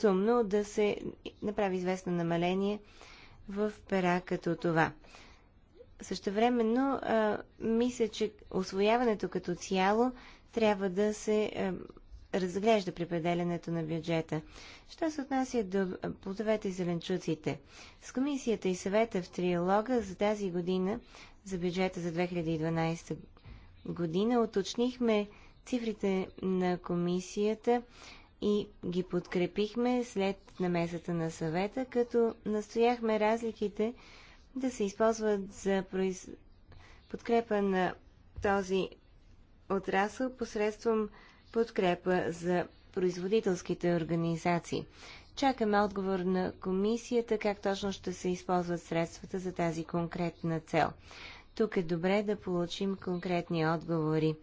сумно да се направи известно намаление в пера като това. Също а, мисля, че освояването като цяло трябва да се а, разглежда при определенето на бюджета. Що се отнася до плодовете и зеленчуците? С комисията и съвета в триалога за тази година, за бюджета за 2012 година, уточнихме цифрите на комисията и ги подкрепихме след намесата на съвета, като настояхме разликите да се използват за произ... подкрепа на този отрасъл посредством подкрепа за производителските организации. Чакаме отговор на комисията как точно ще се използват средствата за тази конкретна цел. Тук е добре да получим конкретни отговори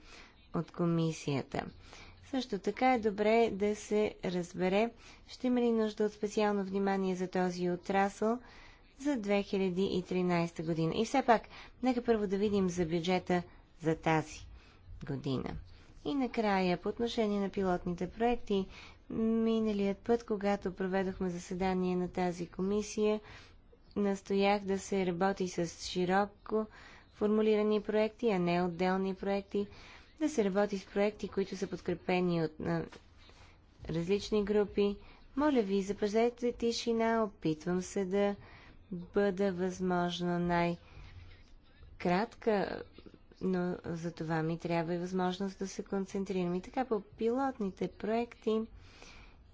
от комисията. Също така е добре да се разбере, ще има ли нужда от специално внимание за този отрасъл за 2013 година. И все пак, нека първо да видим за бюджета за тази година. И накрая, по отношение на пилотните проекти, миналият път, когато проведохме заседание на тази комисия, настоях да се работи с широко формулирани проекти, а не отделни проекти, да се работи с проекти, които са подкрепени от на, различни групи. Моля ви, запазете тишина, опитвам се да бъда възможно най-кратка, но за това ми трябва и възможност да се концентрирам. И така по пилотните проекти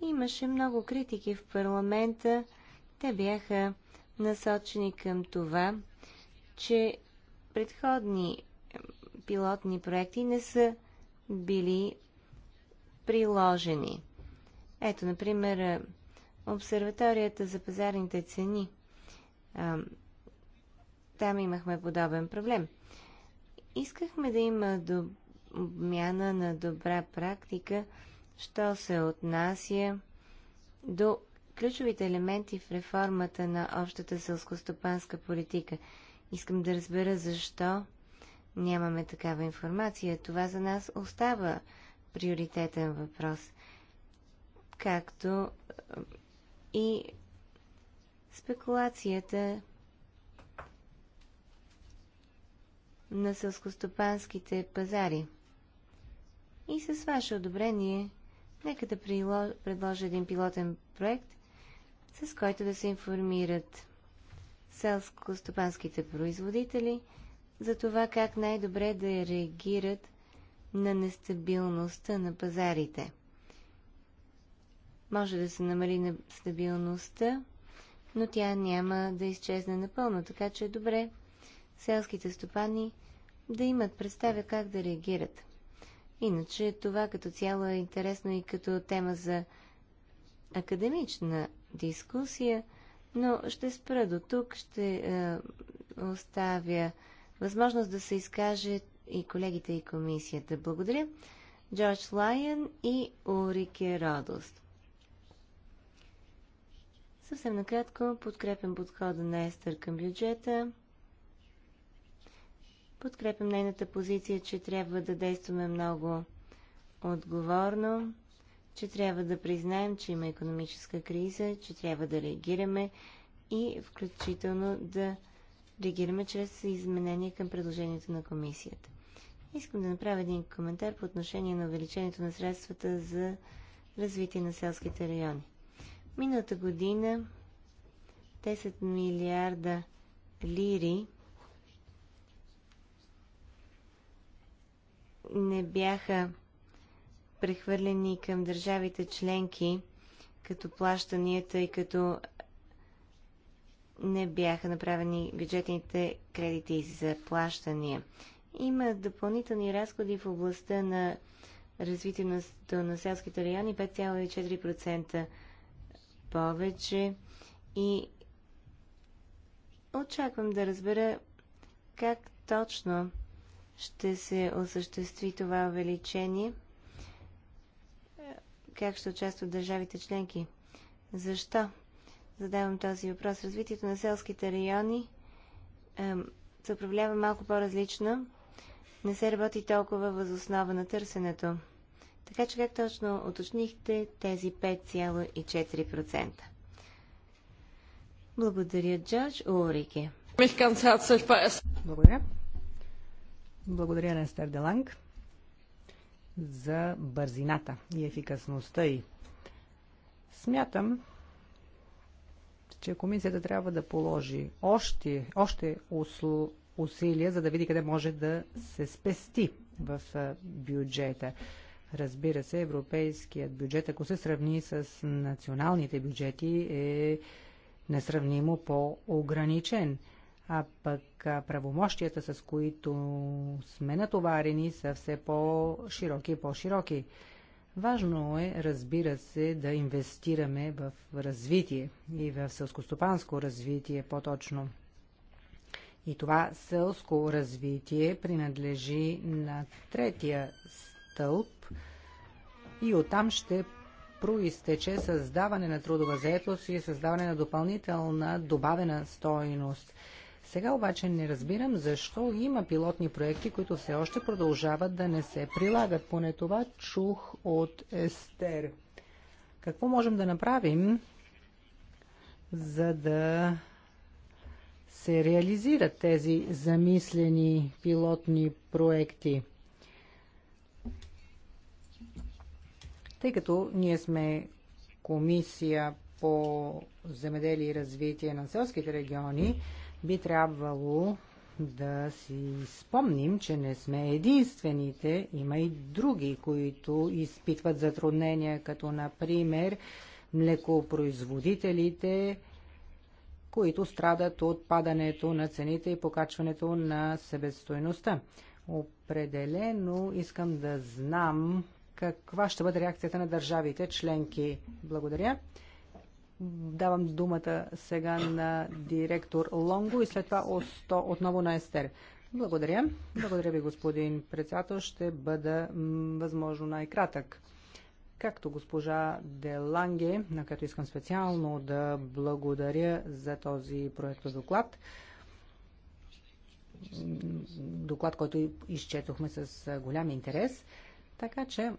имаше много критики в парламента. Те бяха насочени към това, че предходни пилотни проекти не са били приложени. Ето, например, обсерваторията за пазарните цени. Там имахме подобен проблем. Искахме да има обмяна на добра практика, що се отнася до ключовите елементи в реформата на общата селскостопанска политика. Искам да разбера защо нямаме такава информация. Това за нас остава приоритетен въпрос. Както е, и спекулацията на сълскостопанските пазари. И с ваше одобрение, нека да предложа един пилотен проект, с който да се информират селско-стопанските производители – за това как най-добре да реагират на нестабилността на пазарите. Може да се намали на стабилността, но тя няма да изчезне напълно, така че е добре селските стопани да имат представя как да реагират. Иначе това като цяло е интересно и като тема за академична дискусия, но ще спра до тук, ще е, оставя възможност да се изкаже и колегите и комисията. Благодаря. Джордж Лайен и Урике Родост. Съвсем накратко подкрепям подхода на Естер към бюджета. Подкрепям нейната позиция, че трябва да действаме много отговорно, че трябва да признаем, че има економическа криза, че трябва да реагираме и включително да реагираме чрез изменение към предложението на комисията. Искам да направя един коментар по отношение на увеличението на средствата за развитие на селските райони. Миналата година 10 милиарда лири не бяха прехвърлени към държавите членки като плащанията и като не бяха направени бюджетните кредити за плащания. Има допълнителни разходи в областта на развитието на селските райони 5,4% повече и очаквам да разбера как точно ще се осъществи това увеличение, как ще участват държавите членки. Защо задавам този въпрос. Развитието на селските райони се управлява малко по-различно. Не се работи толкова възоснова на търсенето. Така че как точно уточнихте тези 5,4%? Благодаря, Джордж Урике. Благодаря. Благодаря на Естер Деланг за бързината и ефикасността й. Смятам, че комисията трябва да положи още, още усл... усилия, за да види къде може да се спести в бюджета. Разбира се, европейският бюджет, ако се сравни с националните бюджети, е несравнимо по-ограничен. А пък правомощията, с които сме натоварени, са все по-широки и по-широки. Важно е, разбира се, да инвестираме в развитие и в селскостопанско развитие по-точно. И това селско развитие принадлежи на третия стълб и оттам ще проистече създаване на трудова заетост и създаване на допълнителна добавена стойност – сега обаче не разбирам защо има пилотни проекти, които все още продължават да не се прилагат. Поне това чух от Естер. Какво можем да направим, за да се реализират тези замислени пилотни проекти? Тъй като ние сме комисия по земеделие и развитие на селските региони, би трябвало да си спомним, че не сме единствените. Има и други, които изпитват затруднения, като например млекопроизводителите, които страдат от падането на цените и покачването на себестойността. Определено искам да знам каква ще бъде реакцията на държавите членки. Благодаря. Давам думата сега на директор Лонго и след това отново на Естер. Благодаря. Благодаря ви, господин председател. Ще бъда възможно най-кратък. Както госпожа Деланге, на като искам специално да благодаря за този проект доклад, доклад, който изчетохме с голям интерес. Така че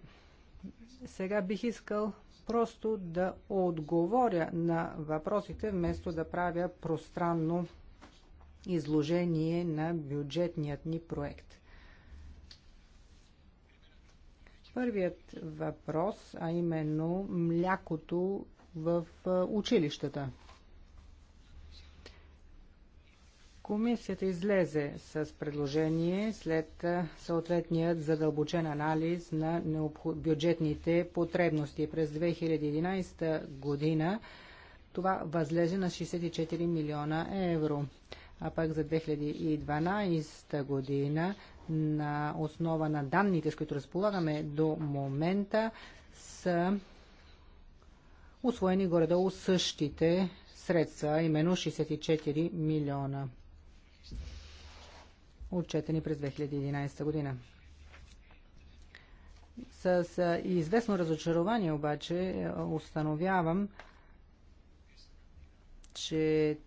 сега бих искал просто да отговоря на въпросите, вместо да правя пространно изложение на бюджетният ни проект. Първият въпрос, а именно млякото в училищата – Комисията излезе с предложение след съответният задълбочен анализ на бюджетните потребности. През 2011 година това възлезе на 64 милиона евро. А пък за 2012 година на основа на данните, с които разполагаме до момента, са освоени горе-долу същите средства, именно 64 милиона отчетени през 2011 година. С известно разочарование обаче е, установявам, че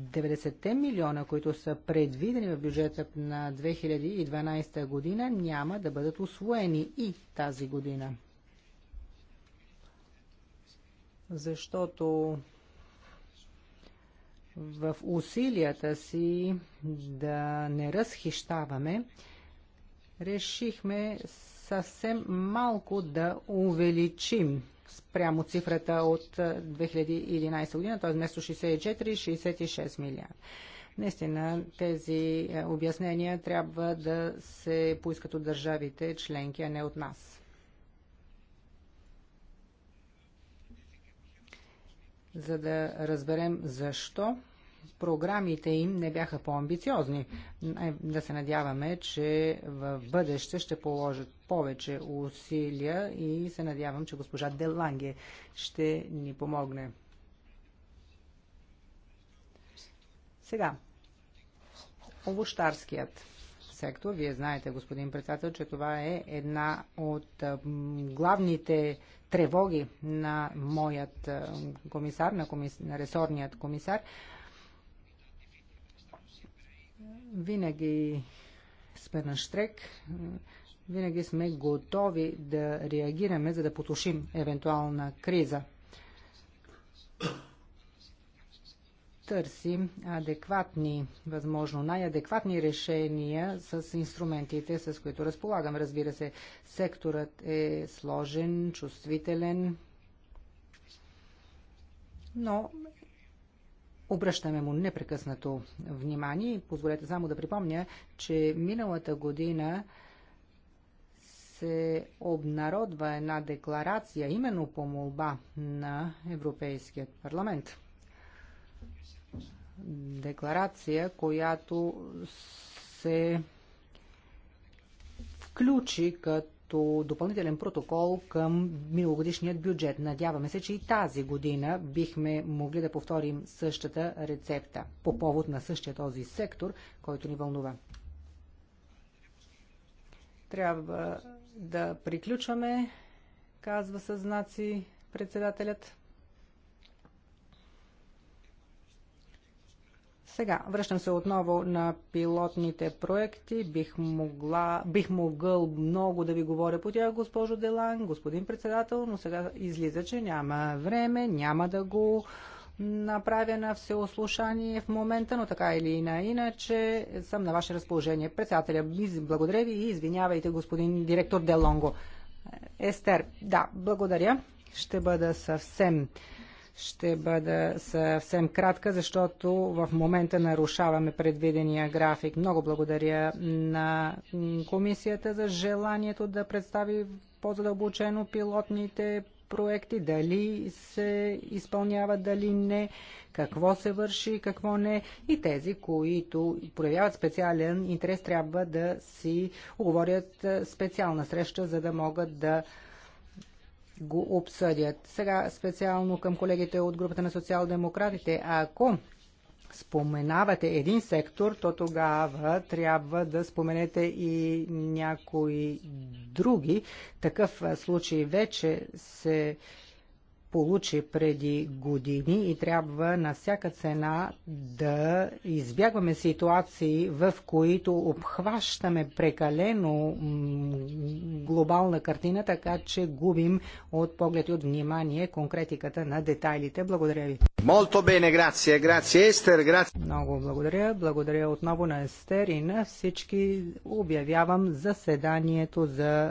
90 милиона, които са предвидени в бюджета на 2012 година, няма да бъдат освоени и тази година. Защото в усилията си да не разхищаваме, решихме съвсем малко да увеличим спрямо цифрата от 2011 година, т.е. вместо 64-66 милиарда. Наистина тези обяснения трябва да се поискат от държавите членки, а не от нас. за да разберем защо програмите им не бяха по-амбициозни. Да се надяваме, че в бъдеще ще положат повече усилия и се надявам, че госпожа Деланге ще ни помогне. Сега, овощарският сектор. Вие знаете, господин председател, че това е една от главните тревоги на моят комисар, на, комис... на ресорният комисар. Винаги сме на штрек, винаги сме готови да реагираме, за да потушим евентуална криза. търси адекватни, възможно най-адекватни решения с инструментите, с които разполагам. Разбира се, секторът е сложен, чувствителен, но Обръщаме му непрекъснато внимание. Позволете само да припомня, че миналата година се обнародва една декларация именно по молба на Европейският парламент декларация, която се включи като допълнителен протокол към миналогодишният бюджет. Надяваме се, че и тази година бихме могли да повторим същата рецепта по повод на същия този сектор, който ни вълнува. Трябва да приключваме, казва със знаци председателят. Сега, връщам се отново на пилотните проекти. Бих, могла, бих могъл много да ви говоря по тях, госпожо Делан, господин председател, но сега излиза, че няма време, няма да го направя на всеослушание в момента, но така или ина, иначе съм на ваше разположение. Председателя, благодаря ви и извинявайте, господин директор Делонго. Естер, да, благодаря. Ще бъда съвсем ще бъда съвсем кратка, защото в момента нарушаваме предвидения график. Много благодаря на комисията за желанието да представи по-задълбочено пилотните проекти, дали се изпълняват, дали не, какво се върши, какво не. И тези, които проявяват специален интерес, трябва да си оговорят специална среща, за да могат да го обсъдят. Сега специално към колегите от групата на социал-демократите. Ако споменавате един сектор, то тогава трябва да споменете и някои други. Такъв случай вече се получи преди години и трябва на всяка цена да избягваме ситуации, в които обхващаме прекалено глобална картина, така че губим от поглед и от внимание конкретиката на детайлите. Благодаря ви. Молто бене, грация, грация, Естер, грация. Много благодаря. Благодаря отново на Естер и на всички. Обявявам заседанието за